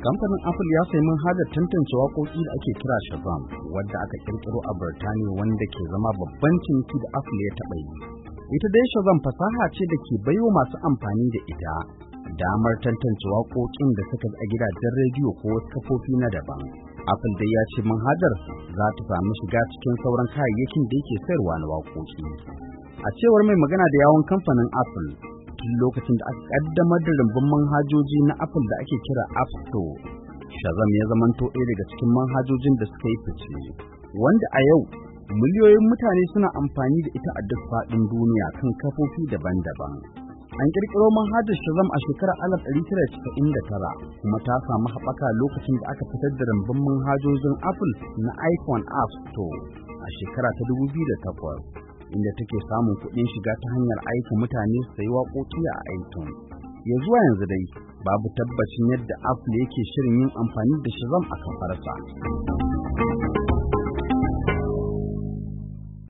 Kamfanin Apple ya sayi manhajar tantance waƙoƙi da ake kira Shazam, wadda aka kirkiro a Birtaniya wanda ke zama babban ciniki da Apple ya taɓa yi. Ita dai Shazam fasaha ce da ke baiwa masu amfani da ita damar tantance waƙoƙin da suka a gidajen rediyo ko wasu kafofi na daban. Apple dai ya ce manhajar za ta samu shiga cikin sauran kayayyakin da yake sayarwa na waƙoƙi. A cewar mai magana da yawon kamfanin Apple, tun lokacin da aka kaddamar da rumbun manhajoji na Apple da ake kira App Store. Shazam ya zamanto ɗaya daga cikin manhajojin da suka yi fice, wanda a yau miliyoyin mutane suna amfani da ita a duk faɗin duniya kan kafofi daban-daban. An ƙirƙiro manhajar Shazam a shekarar 1999 kuma ta samu haɓaka lokacin da aka fitar da rumbun manhajojin Apple na iPhone App Store a shekara ta 2008. inda take samun kuɗin shiga ta hanyar aiki mutane su sayi waƙoƙi a aikin. Ya zuwa yanzu dai, babu tabbacin yadda Apple yake shirin yin amfani da Shazam a kafarsa